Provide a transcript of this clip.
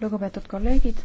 lugupeetud kolleegid